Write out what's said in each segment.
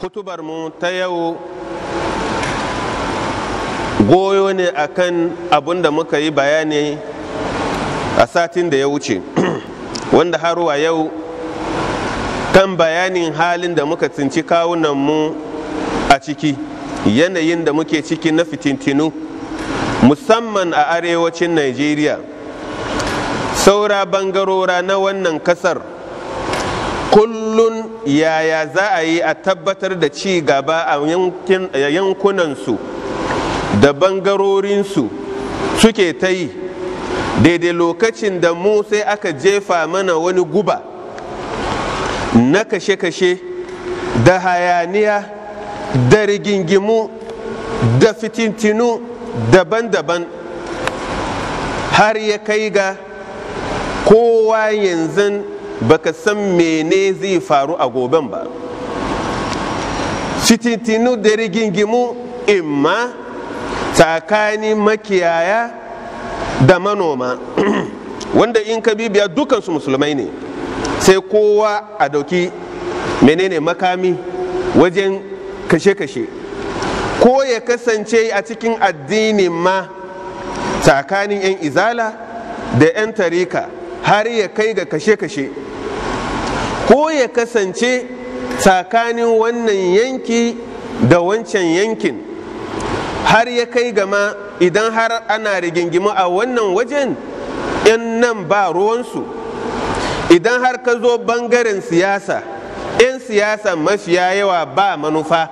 hutubar mu ta yau goyo ne akan abin da muka yi bayani a satin da ya wuce wanda har wa yau kan bayanin halin da muka tsinci kawunanmu a ciki yanayin da muke ciki na fitintinu musamman a arewacin nigeria saura bangarora na wannan kasar kullun yaya za a yi a tabbatar da ci gaba a yankunansu da bangarorinsu suke ta yi daidai lokacin da mu sai aka jefa mana wani guba na kashe-kashe da hayaniya da rigingimu da fitintinu daban-daban har ya kai ga kowa yanzu baka san mene zai faru a goben ba fitintinu da rigingimu imma tsakanin makiyaya da manoma wanda in ka bibiya dukansu musulmai ne sai kowa a dauki menene makami wajen kashe-kashe ko ya kasance a cikin addinin ma tsakanin 'yan izala da 'yan tarika har ya kai ga kashe-kashe ko ya kasance tsakanin wannan yanki da wancan yankin har ya kai gama idan har ana rigingimu a wannan wajen yan nan ba ruwansu idan har ka zo bangaren siyasa 'yan siyasa mafiya yawa ba manufa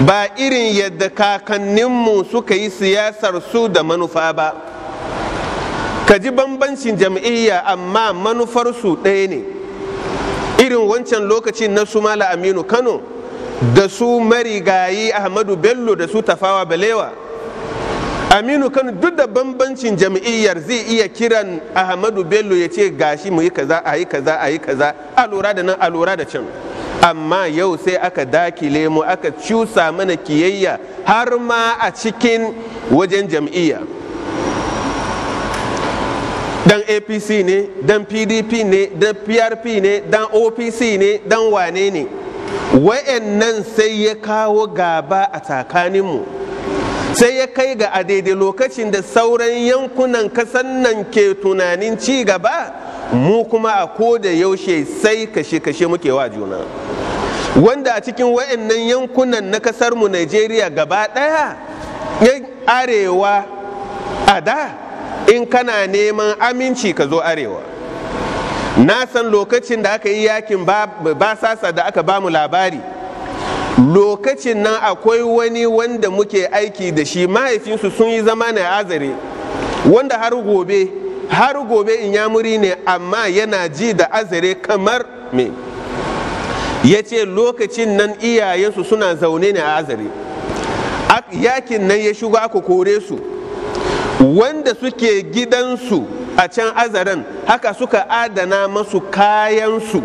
ba irin yadda kakanninmu suka yi siyasar su da manufa ba ka ji bambancin jam'iyya amma manufarsu ɗaya ne irin wancan lokaci na Sumala aminu kano da su marigayi ahmadu bello da su tafawa balewa aminu kano duk da bambancin jam'iyyar zai iya kiran ahmadu bello ya ce gashi mu yi kaza a yi kaza a yi kaza a lura da nan a lura da can amma yau sai aka dakile mu aka cusa mana kiyayya har ma a cikin wajen jam'iyya dan apc ne dan pdp ne dan prp ne dan opc ne dan wane ne nan sai ya kawo gaba a tsakaninmu sai ya kai ga a daidai lokacin da sauran yankunan kasan nan ke tunanin ci gaba mu kuma a ko da yaushe sai kashe-kashe muke wa juna wanda a cikin wa'annan yankunan na kasarmu najeriya gaba ɗaya yan arewa a da in kana neman aminci ka zo arewa na san lokacin da aka yi yakin basasa da aka bamu labari lokacin nan akwai wani wanda muke aiki da shi mahaifinsu sun yi zama na azare wanda har gobe har gobe in yamuri ne amma yana ji da azare kamar me ya ce lokacin nan iyayensu suna zaune ne a azare yakin nan ya shigo aka kore su wanda suke gidansu a can azaran haka suka adana masu kayansu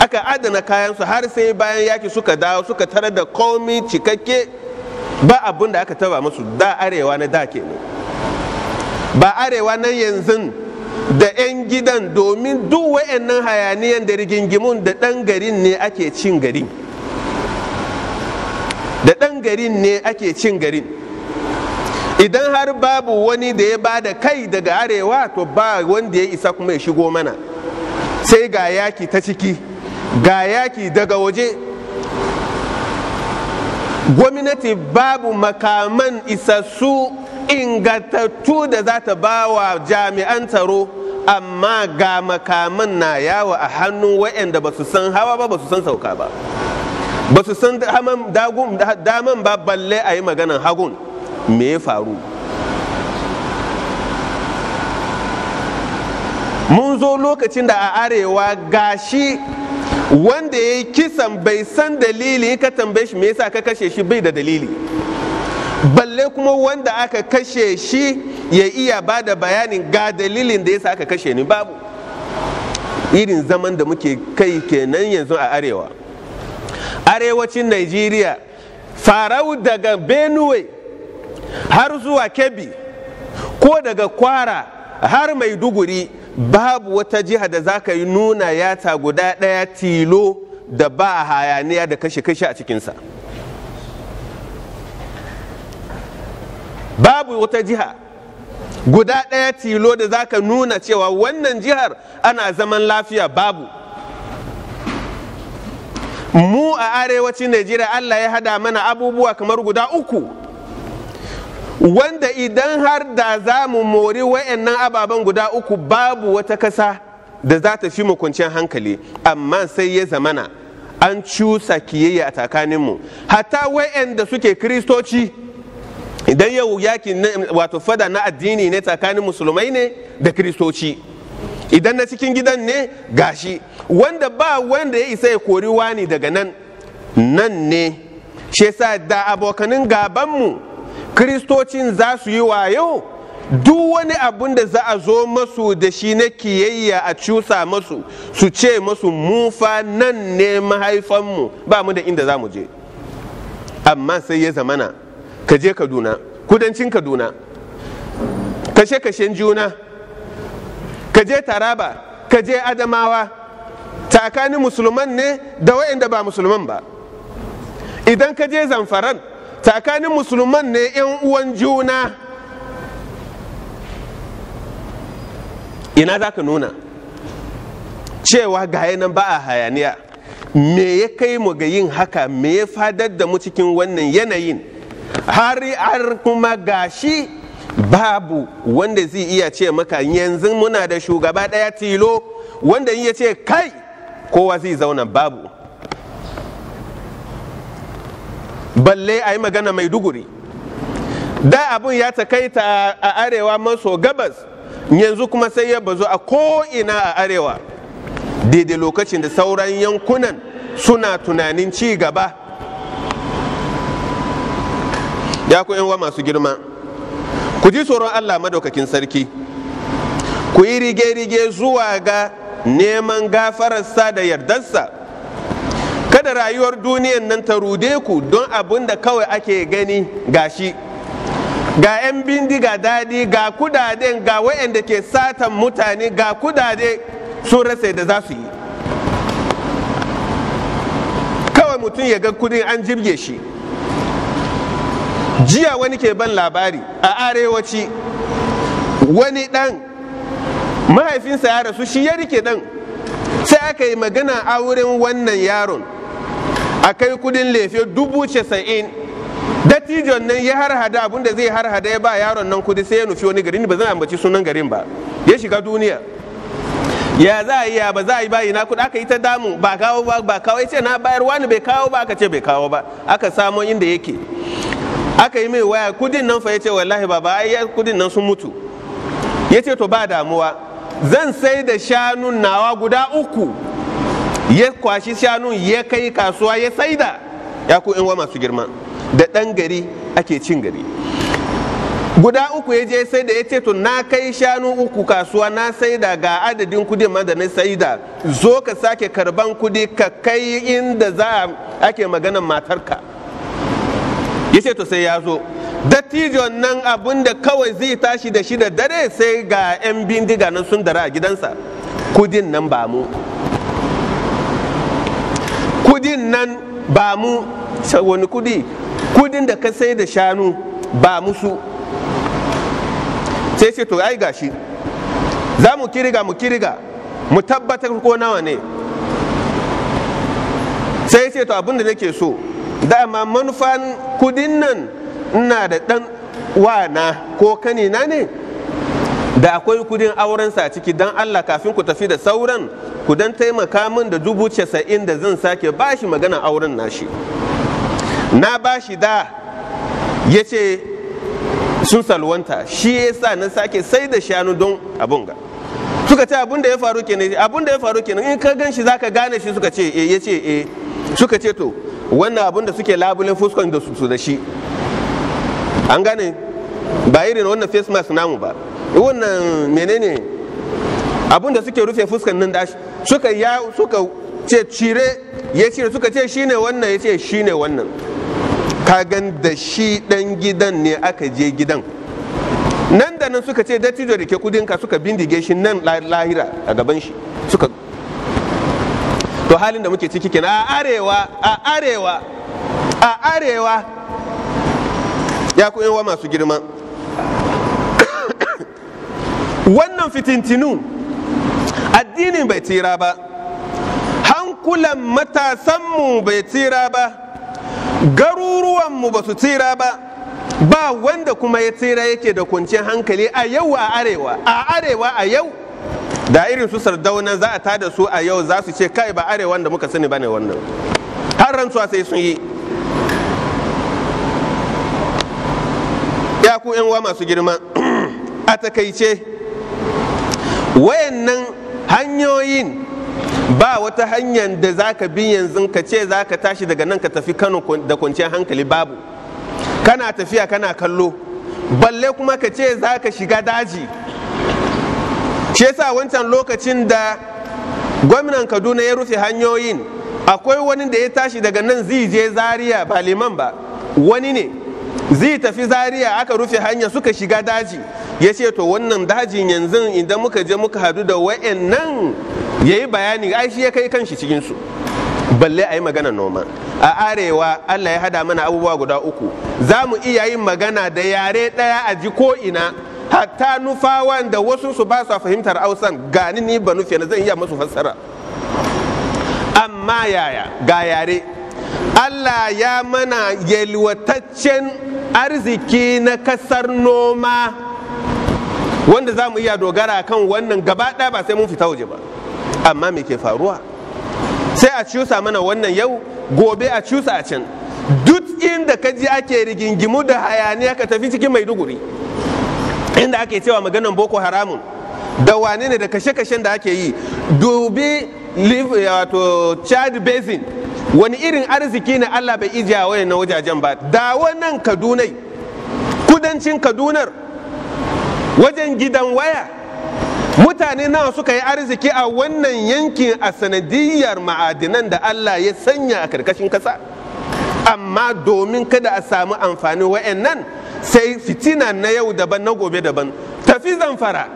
aka adana kayansu har sai bayan yaki suka dawo suka tare da komi cikakke ba abin da aka taba masu da arewa na da ne. ba arewa na yanzu da 'yan gidan domin duk wa'annan hayaniyan da rigingimun da ɗan garin ne ake cin garin da ɗan garin ne ake cin garin idan har babu wani da ya bada kai daga arewa to ba wanda ya isa kuma ya shigo mana sai ga yaki ta ciki ga yaki daga waje gwamnati babu makaman isassu ingantattu da za ta ba wa jami'an tsaro amma ga makaman na yawo a hannun wa'anda ba su san hawa ba ba su san sauka ba ba su san daman ba balle a yi maganan hagun me ya faru mun zo lokacin da a arewa gashi wanda ya yi kisan bai san dalili ka tambaye shi me yasa ka kashe shi bai da dalili balle kuma wanda aka kashe shi ya iya ba da bayanin ga dalilin da yasa aka kashe ni babu irin zaman da muke kai kenan yanzu a arewa arewacin Najeriya, farau daga benue har zuwa kebbi ko daga kwara har mai duguri babu wata jiha da za ka yi nuna yata guda ɗaya tilo da ba a hayaniya da kashe-kashe a cikinsa babu wata jiha guda ɗaya tilo da za ka nuna cewa wannan jihar ana zaman lafiya babu mu a arewacin najeriya allah ya hada mana abubuwa kamar guda uku wanda idan har da za mu mori wayannan ababen guda uku babu wata kasa da za ta fi mu kwanciyar hankali amma sai ya zamana an cusa kiyayya a tsakaninmu hatta wayanda suke kristoci idan yau yaki wato fada na addini ne tsakanin musulmai ne da kristoci idan na cikin gidan ne gashi wanda ba wanda ya isa ya kori wani daga nan nan ne shi da abokanin gabanmu Kristocin za su yi wayo duk wani abun da za a zo masu da shi na kiyayya a cusa masu su ce masu mufa nan ne mahaifanmu ba mu da inda za mu je amma sai ya zamana ka je kaduna kudancin kaduna kashe-kashen juna ka je taraba ka je adamawa tsakanin musulman ne da waɗanda ba musulman ba idan ka je zamfaran tsakanin musulman ne 'yan uwan juna ina za ka nuna cewa ga nan ba a hayaniya me ya kai mu ga yin haka me ya fadar da mu cikin wannan yanayin har har kuma gashi babu wanda zai iya ce maka yanzu muna da shugaba ɗaya tilo wanda in ya ce kai kowa zai zauna babu balle a yi magana duguri. da abun ya ta takaita a arewa maso gabas yanzu kuma sai ya bazu a ko'ina a arewa daidai lokacin da sauran yankunan suna tunanin ci gaba ya ku wa masu girma ku ji tsoron allah madaukakin sarki ku yi rige-rige zuwa ga neman gafararsa da yardarsa kada rayuwar duniyan nan ta rude ku don abin da kawai ake gani ga shi. ga 'yan bindiga daɗi ga kudaden ga wayanda ke satan mutane ga kudade sun rasa da za su yi kawai mutum ya ga kudin an jirge shi jiya wani ke ban labari a arewaci wani ɗan mahaifinsa ya rasu shi ya rike dan sai aka yi magana auren wannan yaron a kai kudin lefe dubu casa'in dattijon nan ya harhada abin da zai harhada ya ba yaron nan kudi sai ya nufi wani garin ba zan ambaci sunan garin ba ya shiga duniya ya za a yi ya ba za a yi bayi na kuɗi aka yi ta damu ba kawo ba ba kawo ya ce na bayar wani bai kawo ba aka ce bai kawo ba aka samo inda yake aka yi mai waya kudin nan fa ya ce wallahi baba ai kudin nan sun mutu ya ce to ba damuwa zan sai da shanun nawa guda uku ya kwashi shanu ya kai kasuwa ya saida ya ku wa masu girma da ɗan gari ake cin gari guda uku ya je sai da ya ce to na kai shanu uku kasuwa na saida ga adadin kudin ma da na saida zo ka sake karban kudi ka kai inda za a ake maganan matarka ya ce to sai ya zo dattijon nan abun da kawai zai tashi da shi da dare sai ga 'yan bindiga na sun dara a gidansa kudin nan ba mu kudin nan ba mu wani kudi kudin da ka sai da shanu ba musu sai ce to ai gashi za mu kiriga mu kiriga mu tabbatar ko nawa ne sai ce to abinda da nake so dama manufan kudin nan ina da dan wana ko kanina ne da akwai kudin aurensa a ciki don Allah kafin ku tafi da sauran ku dan taimaka min da dubu casa'in da zan sake bashi magana auren nashi na bashi da ya ce sun salwanta shi ya sa na sake sai da shanu don abun ga suka ce abun da ya faru kenan abun da ya faru kenan in ka gan shi zaka gane shi suka ce eh ya ce eh suka ce to wannan abun da suke labulen fuskon da su da shi an gane ba irin wannan face mask namu ba wannan menene abin da suke rufe fuskan nan dashi suka ya suka ce cire ya cire suka ce shine wannan ya ce shine wannan Ka gan da shi dan gidan ne aka je gidan nan da nan suka ce dattijo da ke kudinka suka bindige shi nan lahira a gaban shi suka to halin da muke ciki kenan a arewa a arewa a arewa ya ku masu girma wannan fitintinu addinin bai tsira ba hankulan matasanmu bai tsira ba garuruwanmu ba su tsira ba ba wanda kuma ya tsira yake da kwanciyar hankali a yau a arewa a arewa a yau da irin su sardauna za a tada su a yau za su ce kai ba arewa da muka sani bane wannan har rantsuwa sai sun yi ya ku yan masu girma a takaice wayannan hanyoyin ba wata hanyar da za ka bi yanzu ka ce za ka tashi daga nan ka tafi kano da kwanciyar hankali babu kana tafiya kana kallo balle kuma ka ce za ka shiga daji shi yasa wancan lokacin da gwamnan kaduna ya rufe hanyoyin akwai wani da ya tashi daga nan zai je zaria ba liman ba wani ne zai tafi Zariya aka rufe hanya suka shiga daji ya ce to wannan dajin yanzu idan muka je muka hadu da nan ya yi bayani ai shi ya kai kanshi cikinsu balle a yi magana noma a arewa allah ya hada mana abubuwa guda uku za mu iya yin magana da yare ɗaya a ji ko'ina hatta nufawan da wasu su ba su fahimtar hausan gani ni ba nufi zan iya masu fassara amma yaya ga yare allah ya mana yalwataccen arziki na kasar noma wanda za mu iya dogara kan wannan gaba ɗaya ba sai mun fita waje ba amma me ke faruwa sai a cusa mana wannan yau gobe a cusa a can duk inda ka ji ake rigingimu da hayaniya ka tafi cikin maiduguri inda ake cewa maganan boko haramun da wane ne da kashe-kashen da ake yi dubi wato chad basin wani irin arziki ne allah bai ijiya wani na wajajen ba da wannan kadunai kudancin kadunar wajen gidan waya mutane nawa suka yi arziki a wannan yankin a sanadiyar ma'adinan da Allah ya sanya a karkashin kasa amma domin kada a samu amfani wa'annan sai fitina na yau daban na gobe daban tafi zamfara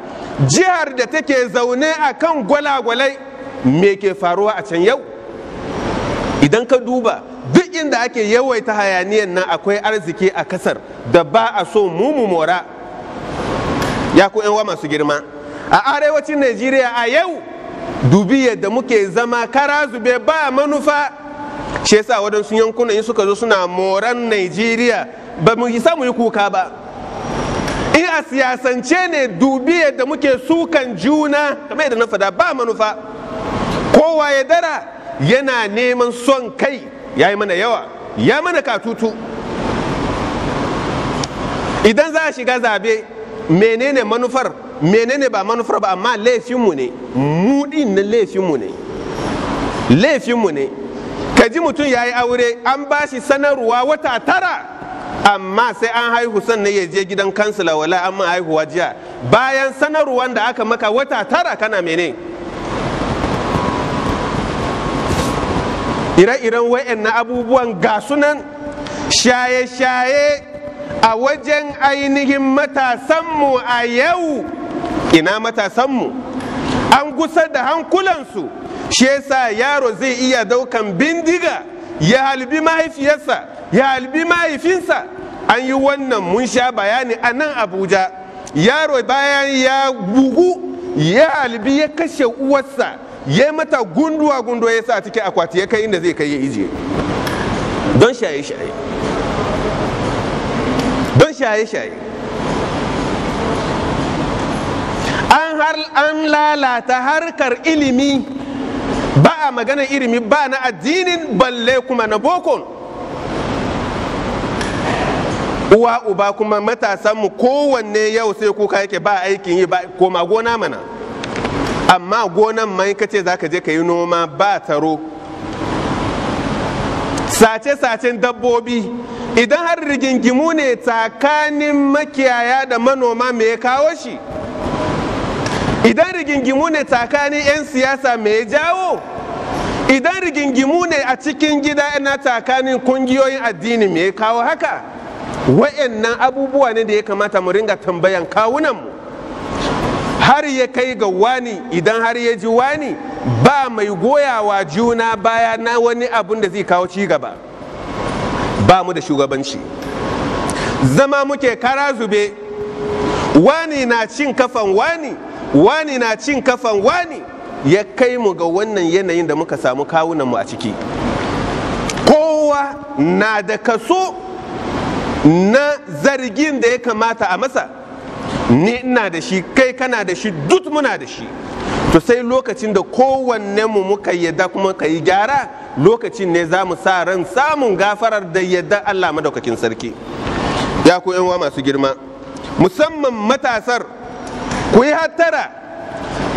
jihar da take zaune a kan gwalagwalai me ke faruwa a can yau idan ka duba duk inda ake yawaita hayaniyan nan akwai arziki a kasar da ba a so mu mora ya ku yan masu girma a arewacin najeriya a yau dubi yadda muke zama kara zube ba manufa shi yasa waɗansu yankunan in suka zo suna moran najeriya ba mu yi mu yi kuka ba in a siyasance ne dubi yadda muke sukan juna kamar yadda na fada ba manufa kowa ya dara yana neman son kai ya yi mana yawa ya mana katutu idan za a shiga zabe menene manufar menene ba manufar ba amma laifinmu ne mu din na laifinmu ne laifinmu ne ka ji mutum ya yi aure an ba shi sanarwa wata tara amma sai an haihu sannan ya je gidan kansila wala an ma haihuwa jiya bayan sanarwan da aka maka wata tara kana mene ire-iren wa'yan na abubuwan gasunan shaye-shaye a wajen ainihin matasanmu a yau ina matasanmu an kusa da hankulansu shi yasa yaro zai iya daukan bindiga ya halbi mahaifiyarsa ya halbi mahaifinsa an yi wannan mun sha bayani a nan abuja yaro bayan ya bugu ya halbi ya kashe uwarsa ya mata gunduwa gunduwa ya sa cikin akwati ya kai inda zai kai ya ije don shaye-shaye don shaye-shaye an an lalata harkar ilimi ba a magana ilimi ba na addinin balle kuma na boko. uwa uba kuma matasanmu kowanne yau sai kuka yake ba aikin yi ba koma gona mana amma gonan mai kace za ka je ka yi noma ba taro sace-sacen dabbobi idan har rigingimu ne tsakanin makiyaya da manoma me ya kawo shi idan rigingimu ne tsakanin 'yan siyasa me ya jawo idan rigingimu ne a cikin gida 'yana tsakanin kungiyoyin addini me ya kawo haka wa'annan abubuwa ne da ya kamata mu ringa tambayan kawunan mu, har ya kai ga wani idan har ya ji wani ba mai goyawa juna baya na wani abun da zai kawo ci gaba. ba mu da shugabanci zama muke kara zube wani na cin kafan wani wani na cin kafan wani ya kai mu ga wannan yanayin da muka samu kawunanmu a ciki kowa na da kaso na zargin da ya kamata a masa ni ina da shi kai kana da shi duk muna da shi to sai lokacin da kowanne mu muka yadda kuma ka yi gyara lokacin ne za mu sa ran samun gafarar da yadda Allah madaukakin sarki ya ku yan masu girma musamman matasar ku yi hattara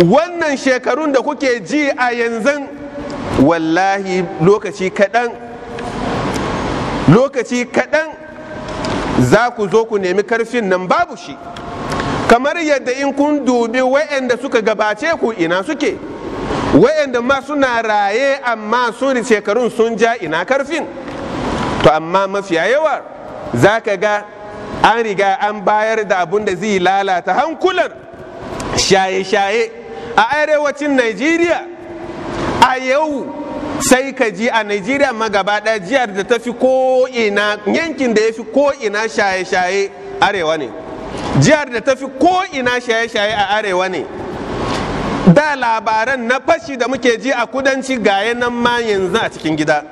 wannan shekarun da kuke ji a yanzu wallahi lokaci kaɗan lokaci kaɗan za ku zo ku nemi karfin nan babu shi kamar yadda in kun dubi wa'anda suka gabace ku ina suke wa'anda ma suna raye amma sun shekarun sun ja ina karfin to amma mafiya yawa za ka ga an riga an bayar da abun da zai lalata hankular shaye-shaye a arewacin najeriya a yau sai ka ji a najeriya ma gaba jihar da ta fi ko'ina yankin da ya fi ko'ina shaye-shaye arewa ne jihar da tafi ko ina shaye-shaye a arewa ne da labaran na fashi da muke ji a kudanci ga nan ma yanzu a cikin gida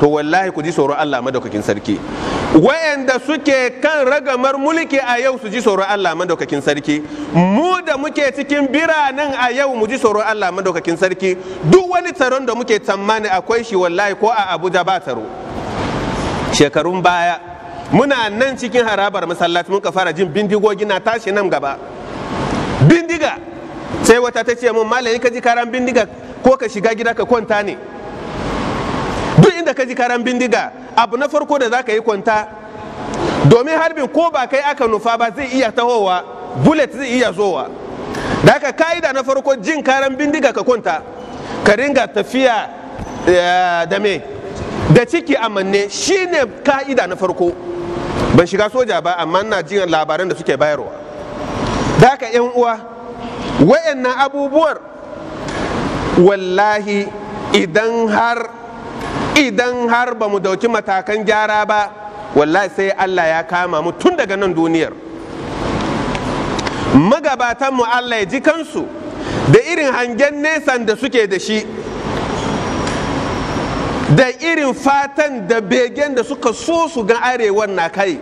to wallahi ku ji tsoron Allah madaukakin sarki wayanda suke kan ragamar mulki a yau su ji tsoron Allah madaukakin sarki mu da muke cikin biranen a yau mu ji tsoron Allah madaukakin sarki duk wani tsaron da muke tsammani akwai shi wallahi ko a Abuja ba tsaro shekarun baya muna nan cikin harabar masallaci muka fara jin bindigogi na tashi nan gaba bindiga sai wata ta ce mun malayi ka ji karan bindiga ko ka shiga gida ka kwanta ne duk inda ka ji karan bindiga abu na farko da za ka yi kwanta domin harbin ko ba kai aka nufa ba zai iya tahowa bullet zai iya zowa da ka ka'ida na farko jin karan bindiga ka kwanta ka ringa tafiya eh, da me da ciki amanne shine ka'ida na farko ban shiga soja ba amma ina jin labaran da suke bayarwa da haka yan uwa na abubuwar wallahi idan har idan har ba mu dauki matakan gyara ba wallahi sai allah ya kama mu tun daga nan duniyar magabatanmu allah ya ji kansu da irin hangen nesan da suke da shi da irin fatan da begen da suka so su ga arewan na kai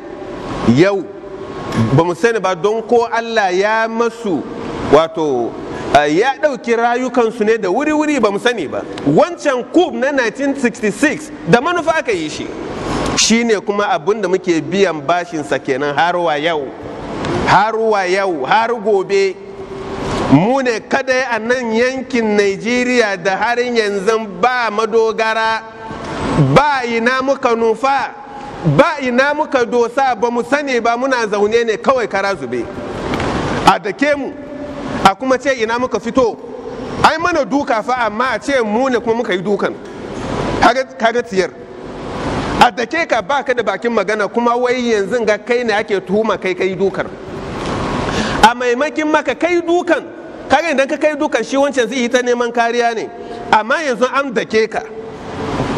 yau ba mu sani ba don ko allah ya masu wato ya ɗauki rayukansu ne da wuri-wuri ba mu sani ba wancan kub na 1966 da manufa aka yi shi shine kuma abin da muke biyan bashinsa kenan har yau har yau har gobe mu ne kadai a nan yankin nigeria da har yanzu ba madogara ba ina muka nufa ba ina muka dosa ba mu sani ba muna zaune ne kawai kara zube a dake mu a kuma ce ina muka fito ai mana duka fa amma a ce mu ne kuma muka yi dukan kaga tiyar a dake ka ba ka da bakin magana kuma wai yanzu ga kai ne ake tuhuma kai kai dukar a maimakin maka kai dukan kaga idan ka kai dukan shi wancan zai yi ta neman kariya ne amma yanzu an dake ka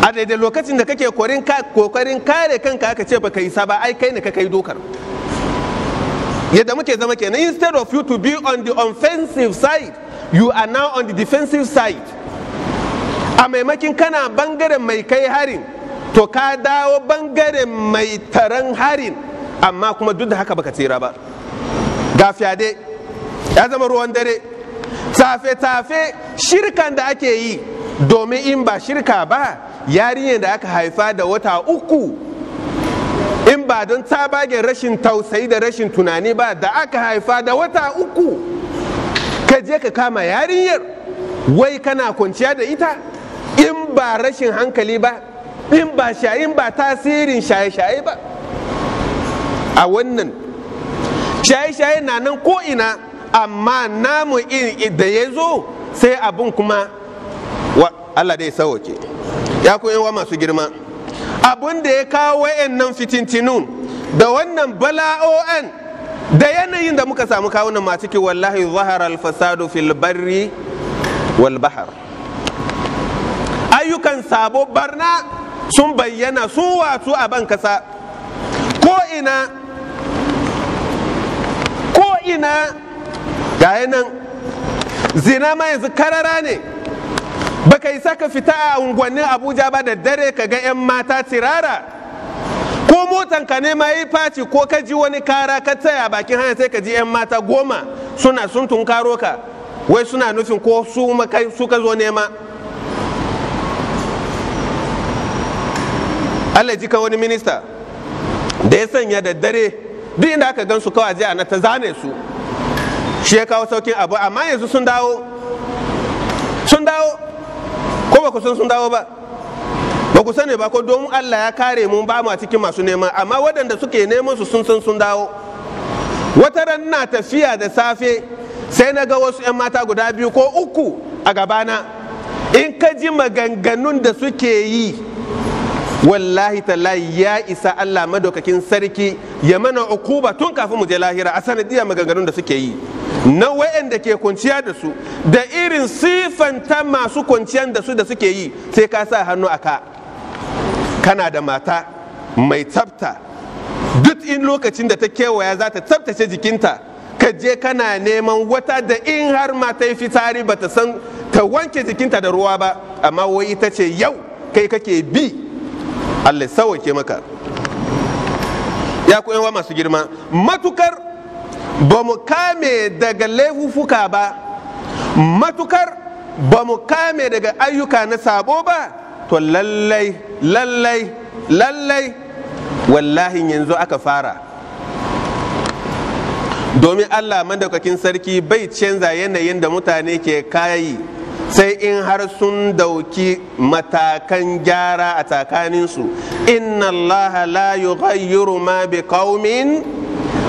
a daidai lokacin da kake kokarin kare kanka aka ce baka yi saba ai kai ne ka kai dokar yadda muke zama kenan instead of you to be on the offensive side you are now on the defensive side a maimakin kana bangaren mai kai harin to ka dawo bangaren mai taron harin amma kuma duk da haka baka tsira ba ga fyade ya zama ruwan dare tafe-tafe shirkan da ake yi domin in ba shirka ba yarinyar da aka haifa da wata uku in ba don tabagen rashin tausayi da rashin tunani ba da aka haifa da wata uku ka je ka kama yarinyar wai kana kwanciya da ita in ba rashin hankali ba in ba shayin ba tasirin shaye-shaye ba a wannan shaye-shaye na nan ko'ina amma namu da ya zo sai abin kuma Allah dai sauke. ya koyewa masu girma Abun da ya kawo wayannan fitintinu da wannan bala'o'an da yanayin da muka samu kawunan masu ki wallahi zahar alfasadu fil barri ayyukan sabo barna sun bayyana su watu a ban kasa ko ina ko ina ga nan zina ma yanzu karara ne baka yi saka fita a unguwannin abuja ba da dare ka ga 'yan mata tirara ko motanka ne ma yi faci ko ka ji wani kara ka taya bakin hanya sai ka ji 'yan mata goma suna sun tunkaro ka wai suna nufin ko su ka zo nema allah ji ka wani minista da ya sanya da dare duk inda aka gan su kawai jiya na ta zane su shi ya kawo saukin abu amma yanzu sun dawo ko ba ku san sun dawo ba ba ku sani ba ko don Allah ya kare mu ba mu a cikin masu nema amma waɗanda suke neman su sun san sun dawo wata ran na tafiya da safe sai na ga wasu 'yan mata guda biyu ko uku a gabana in ka ji maganganun da suke yi wallahi tallahi ya isa Allah madaukakin sarki ya mana ukuba tun kafin mu je lahira a sanadiyar maganganun da suke yi na wayanda ke kwanciya da su da irin sifanta masu kwanciyar da su da suke yi sai ka sa hannu a ka kana da mata mai tsafta duk in lokacin da ta kewaya za ta tsaftace jikinta ka je kana neman wata da in har ma ta yi fitari ba ta san ta wanke jikinta da ruwa ba amma wai ita ce yau kai kake bi allah ke maka ya ku masu girma matukar ba mu kame daga laifuka ba matukar ba mu kame daga ayyuka na sabo ba to lallai lallai lallai wallahi yanzu aka fara domin allah madaukakin sarki bai canza yanayin da mutane ke kayi sai in har sun dauki matakan gyara a tsakaninsu inna allaha la yughayyiru ma bi qaumin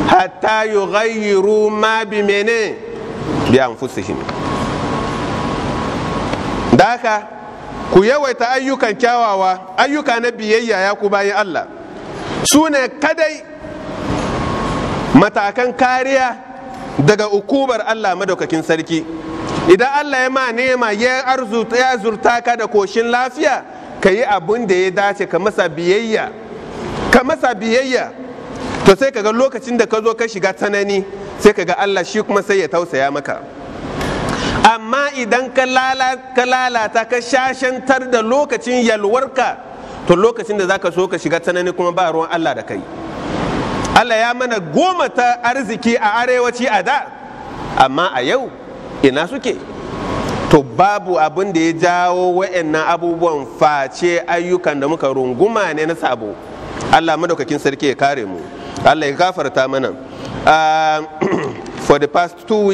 hatta yughayyiru ma bi mene bi anfusihim da haka ku yawaita ayyukan kyawawa ayyuka na biyayya ya ku bayan Allah su ne kadai matakan kariya daga ukubar Allah madaukakin sarki idan Allah ya ma nema ya azurta ka da koshin lafiya ka yi abin da ya dace ka masa biyayya to sai kaga lokacin da ka zo ka shiga tsanani sai kaga Allah shi kuma sai ya tausaya maka amma idan ka lalata ka shashantar da lokacin yalwarka to lokacin da zaka so ka shiga tsanani kuma ba ruwan Allah da kai Allah ya mana goma ta arziki a arewaci a da amma a yau ina suke to babu abin da ya jawo wa'annan abubuwan face ayyukan da muka runguma ne na sabo Allah madaukakin sarki ya kare mu allah ya gafarta mana ah, for the past two